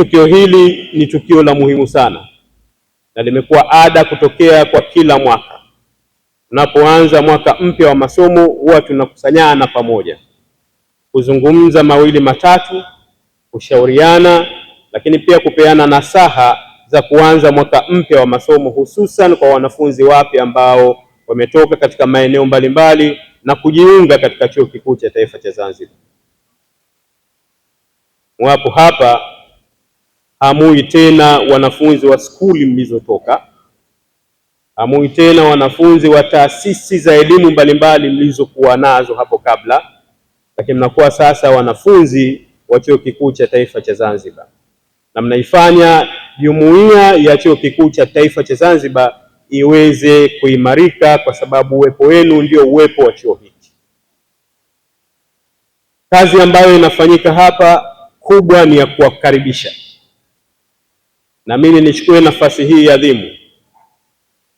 Tukio hili ni tukio la muhimu sana na limekuwa ada kutokea kwa kila mwaka. Tunapoanza mwaka mpya wa masomo, huwa tunakusanyana pamoja kuzungumza mawili matatu, kushauriana, lakini pia kupeana nasaha za kuanza mwaka mpya wa masomo, hususan kwa wanafunzi wapya ambao wametoka katika maeneo mbalimbali na kujiunga katika Chuo Kikuu cha Taifa cha Zanzibar. Mwapo hapa hamui tena wanafunzi wa skuli mlizotoka, hamui tena wanafunzi wa taasisi za elimu mbalimbali mlizokuwa nazo hapo kabla, lakini mnakuwa sasa wanafunzi wa Chuo Kikuu cha Taifa cha Zanzibar na mnaifanya jumuiya ya Chuo Kikuu cha Taifa cha Zanzibar iweze kuimarika, kwa sababu uwepo wenu ndio uwepo wa chuo hiki. Kazi ambayo inafanyika hapa kubwa ni ya kuwakaribisha na mimi nichukue nafasi hii adhimu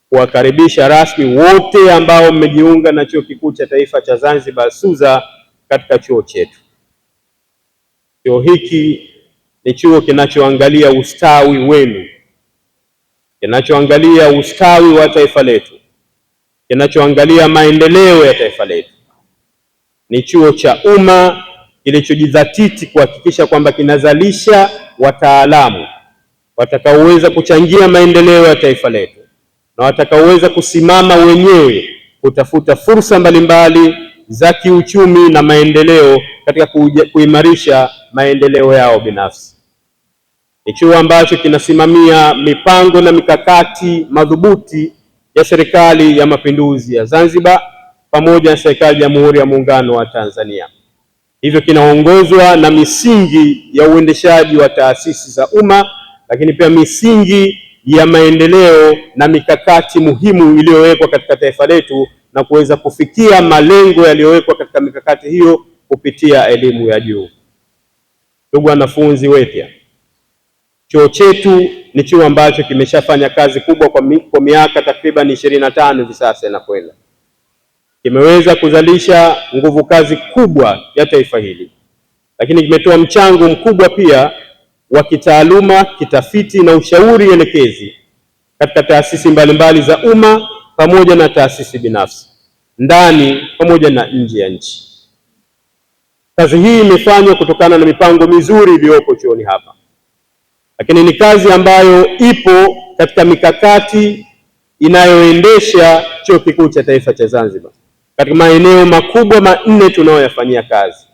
kuwakaribisha rasmi wote ambao mmejiunga na Chuo Kikuu cha Taifa cha Zanzibar SUZA katika chuo chetu. Chuo hiki ni chuo kinachoangalia ustawi wenu, kinachoangalia ustawi wa taifa letu, kinachoangalia maendeleo ya taifa letu. Ni chuo cha umma kilichojidhatiti kuhakikisha kwamba kinazalisha wataalamu watakaoweza kuchangia maendeleo ya taifa letu na watakaoweza kusimama wenyewe kutafuta fursa mbalimbali za kiuchumi na maendeleo katika kuimarisha maendeleo yao binafsi. Ni chuo ambacho kinasimamia mipango na mikakati madhubuti ya Serikali ya Mapinduzi ya Zanzibar pamoja na serikali ya Jamhuri ya Muungano wa Tanzania. Hivyo kinaongozwa na misingi ya uendeshaji wa taasisi za umma lakini pia misingi ya maendeleo na mikakati muhimu iliyowekwa katika taifa letu na kuweza kufikia malengo yaliyowekwa katika mikakati hiyo kupitia elimu ya juu. Ndugu wanafunzi wepya, chuo chetu ni chuo ambacho kimeshafanya kazi kubwa kwa, miaka takriban ishirini na tano hivi sasa kwenda kimeweza kuzalisha nguvu kazi kubwa ya taifa hili, lakini kimetoa mchango mkubwa pia wa kitaaluma, kitafiti na ushauri elekezi katika taasisi mbalimbali za umma pamoja na taasisi binafsi ndani pamoja na nje ya nchi. Kazi hii imefanywa kutokana na mipango mizuri iliyopo chuoni hapa, lakini ni kazi ambayo ipo katika mikakati inayoendesha Chuo Kikuu cha Taifa cha Zanzibar katika maeneo makubwa manne tunayoyafanyia kazi.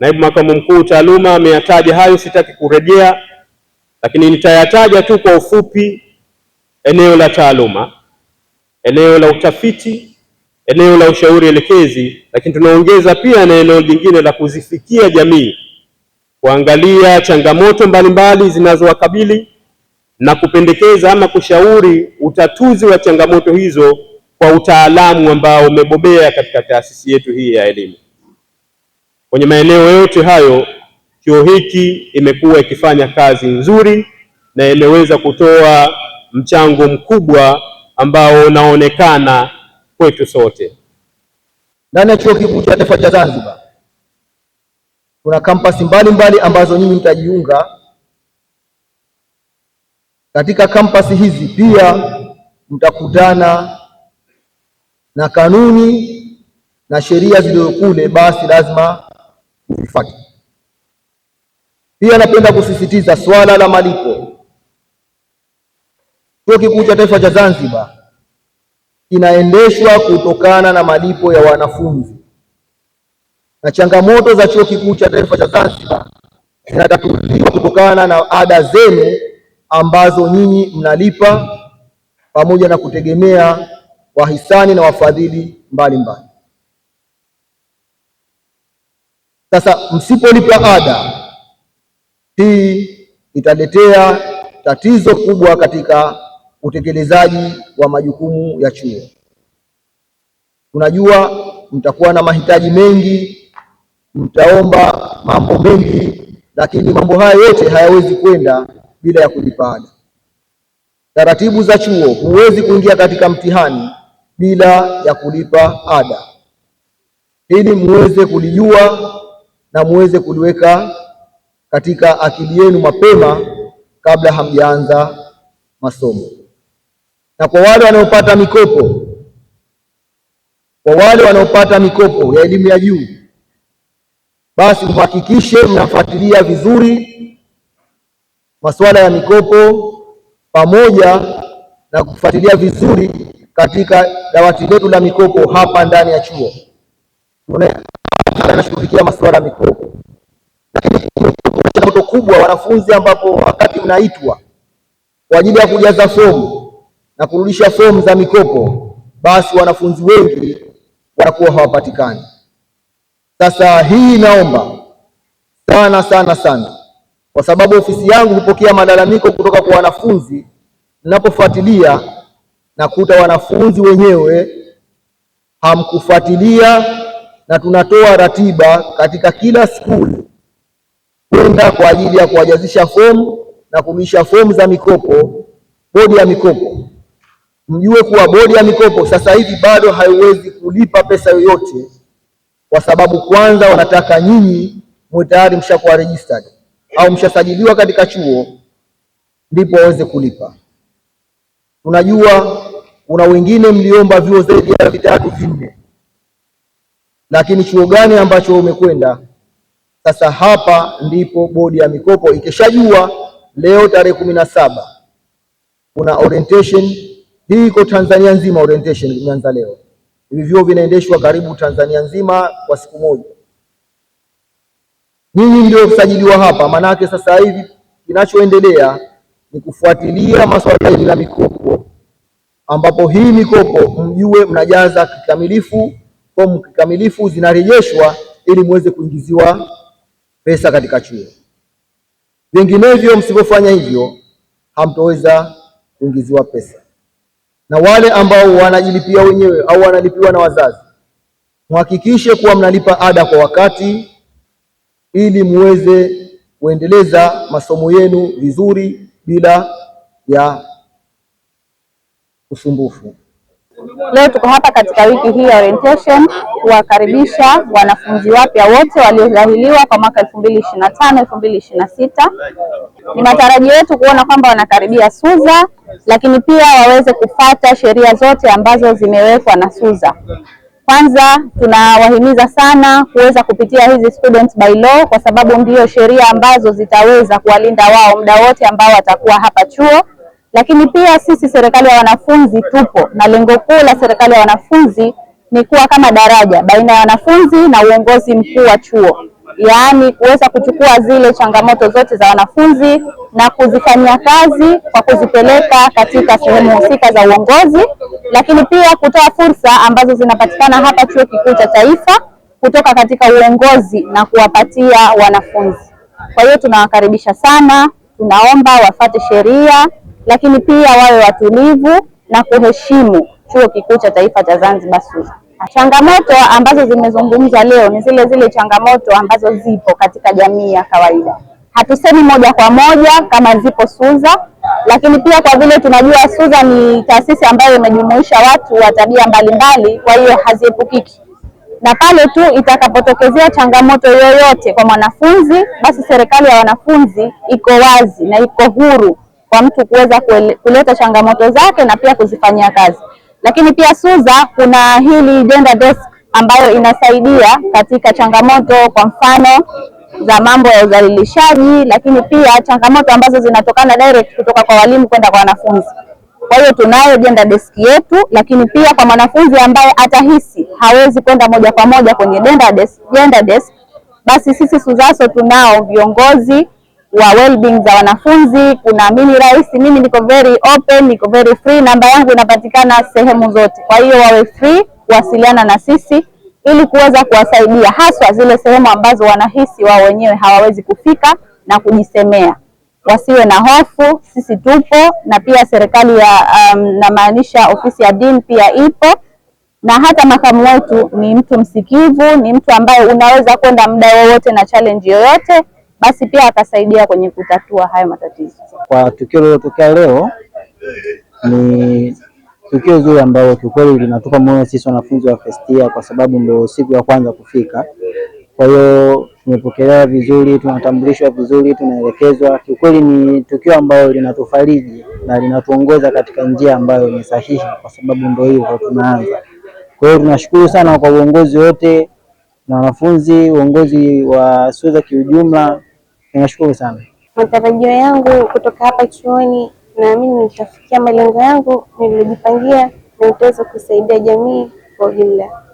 Naibu makamu mkuu taaluma ameyataja hayo, sitaki kurejea, lakini nitayataja tu kwa ufupi: eneo la taaluma, eneo la utafiti, eneo la ushauri elekezi, lakini tunaongeza pia na eneo lingine la kuzifikia jamii, kuangalia changamoto mbalimbali zinazowakabili na kupendekeza ama kushauri utatuzi wa changamoto hizo kwa utaalamu ambao umebobea katika taasisi yetu hii ya elimu. Kwenye maeneo yote hayo chuo hiki imekuwa ikifanya kazi nzuri na imeweza kutoa mchango mkubwa ambao unaonekana kwetu sote. Ndani ya Chuo Kikuu cha Taifa cha Zanzibar kuna kampasi mbalimbali ambazo nyinyi mtajiunga. Katika kampasi hizi pia mtakutana na kanuni na sheria zilizokule, basi lazima Sifuate. Pia napenda kusisitiza swala la malipo. Chuo Kikuu cha Taifa cha Zanzibar kinaendeshwa kutokana na malipo ya wanafunzi, na changamoto za Chuo Kikuu cha Taifa cha Zanzibar zinatatuliwa kutokana na ada zenu ambazo nyinyi mnalipa pamoja na kutegemea wahisani na wafadhili mbalimbali. Sasa msipolipa ada hii italetea tatizo kubwa katika utekelezaji wa majukumu ya chuo. Tunajua mtakuwa na mahitaji mengi, mtaomba mambo mengi, lakini mambo haya yote hayawezi kwenda bila ya kulipa ada. Taratibu za chuo, huwezi kuingia katika mtihani bila ya kulipa ada, ili muweze kulijua na muweze kuliweka katika akili yenu mapema kabla hamjaanza masomo. Na kwa wale wanaopata mikopo, kwa wale wanaopata mikopo ya elimu ya juu, basi mhakikishe mnafuatilia vizuri masuala ya mikopo pamoja na kufuatilia vizuri katika dawati letu la mikopo hapa ndani ya chuo sana na masuala ya mikopo, lakini changamoto kubwa wanafunzi, ambapo wakati mnaitwa kwa ajili ya kujaza fomu na kurudisha fomu za mikopo, basi wanafunzi wengi wanakuwa hawapatikani. Sasa hii naomba sana sana sana, kwa sababu ofisi yangu hupokea malalamiko kutoka kwa wanafunzi. Ninapofuatilia nakuta wanafunzi wenyewe hamkufuatilia na tunatoa ratiba katika kila skuli kwenda kwa ajili ya kuwajazisha fomu na kurudisha fomu za mikopo bodi ya mikopo. Mjue kuwa bodi ya mikopo sasa hivi bado haiwezi kulipa pesa yoyote, kwa sababu kwanza wanataka nyinyi mwe tayari mshakuwa registered au mshasajiliwa katika chuo ndipo waweze kulipa. Tunajua kuna wengine mliomba vyuo zaidi ya vitatu vinne lakini chuo gani ambacho umekwenda. Sasa hapa ndipo bodi ya mikopo ikishajua leo tarehe kumi na saba kuna orientation hii, iko Tanzania nzima. Orientation imeanza leo, hivi vyuo vinaendeshwa karibu Tanzania nzima kwa siku moja. Nyinyi ndio msajiliwa hapa, maanake sasa hivi kinachoendelea ni kufuatilia masuala ya mikopo, ambapo hii mikopo mjue mnajaza kikamilifu fomu kikamilifu zinarejeshwa ili muweze kuingiziwa pesa katika chuo. Vinginevyo msipofanya hivyo, hamtoweza kuingiziwa pesa. Na wale ambao wanajilipia wenyewe au wanalipiwa na wazazi, mhakikishe kuwa mnalipa ada kwa wakati ili muweze kuendeleza masomo yenu vizuri bila ya usumbufu. Leo tuko hapa katika wiki hii ya orientation kuwakaribisha wanafunzi wapya wote waliozahiliwa kwa mwaka elfu mbili ishirini na tano elfu mbili ishirini na sita. Ni matarajio yetu kuona kwamba wanakaribia SUZA, lakini pia waweze kufata sheria zote ambazo zimewekwa na SUZA. Kwanza tunawahimiza sana kuweza kupitia hizi student by law kwa sababu ndiyo sheria ambazo zitaweza kuwalinda wao muda wote ambao watakuwa hapa chuo. Lakini pia sisi serikali ya wanafunzi tupo na lengo kuu la serikali ya wanafunzi ni kuwa kama daraja baina ya wanafunzi na uongozi mkuu wa chuo, yaani kuweza kuchukua zile changamoto zote za wanafunzi na kuzifanyia kazi kwa kuzipeleka katika sehemu husika za uongozi, lakini pia kutoa fursa ambazo zinapatikana hapa Chuo Kikuu cha Taifa kutoka katika uongozi na kuwapatia wanafunzi. Kwa hiyo tunawakaribisha sana, tunaomba wafate sheria lakini pia wawe watulivu na kuheshimu Chuo Kikuu cha Taifa cha Zanzibar SUZA. Changamoto ambazo zimezungumzwa leo ni zile zile changamoto ambazo zipo katika jamii ya kawaida. Hatusemi moja kwa moja kama zipo SUZA, lakini pia kwa vile tunajua SUZA ni taasisi ambayo imejumuisha watu wa tabia mbalimbali, kwa hiyo haziepukiki na pale tu itakapotokezea changamoto yoyote kwa mwanafunzi, basi serikali ya wanafunzi iko wazi na iko huru kwa mtu kuweza kuleta changamoto zake na pia kuzifanyia kazi. Lakini pia SUZA kuna hili gender desk ambayo inasaidia katika changamoto kwa mfano za mambo ya udhalilishaji, lakini pia changamoto ambazo zinatokana direct kutoka kwa walimu kwenda kwa wanafunzi. Kwa hiyo tunayo gender desk yetu, lakini pia kwa mwanafunzi ambaye atahisi hawezi kwenda moja kwa moja kwenye gender desk, gender desk, basi sisi SUZASO tunao viongozi wa wellbeing za wanafunzi. Kuna mimi rais, mimi niko very open, niko very free. Namba yangu inapatikana sehemu zote, kwa hiyo wawe free kuwasiliana na sisi ili kuweza kuwasaidia haswa zile sehemu ambazo wanahisi wao wenyewe hawawezi kufika na kujisemea. Wasiwe na hofu, sisi tupo, na pia serikali ya um, namaanisha ofisi ya Dean pia ipo, na hata makamu wetu ni mtu msikivu, ni mtu ambaye unaweza kwenda muda wowote na challenge yoyote basi pia atasaidia kwenye kutatua hayo matatizo. Kwa tukio lililotokea leo ni tukio zuri ambalo kiukweli linatupa moyo sisi wanafunzi wa first year, kwa sababu ndio siku ya kwanza kufika. Kwa hiyo tumepokelewa vizuri, tunatambulishwa vizuri, tunaelekezwa. Kiukweli ni tukio ambalo linatufariji na linatuongoza katika njia ambayo ni sahihi, kwa sababu ndio hiyo tunaanza. Kwa hiyo tunashukuru sana kwa uongozi wote na wanafunzi, uongozi wa SUZA kiujumla Ninashukuru sana. Matarajio yangu kutoka hapa chuoni, naamini nitafikia malengo yangu niliyojipangia na nitaweza kusaidia jamii kwa ujumla.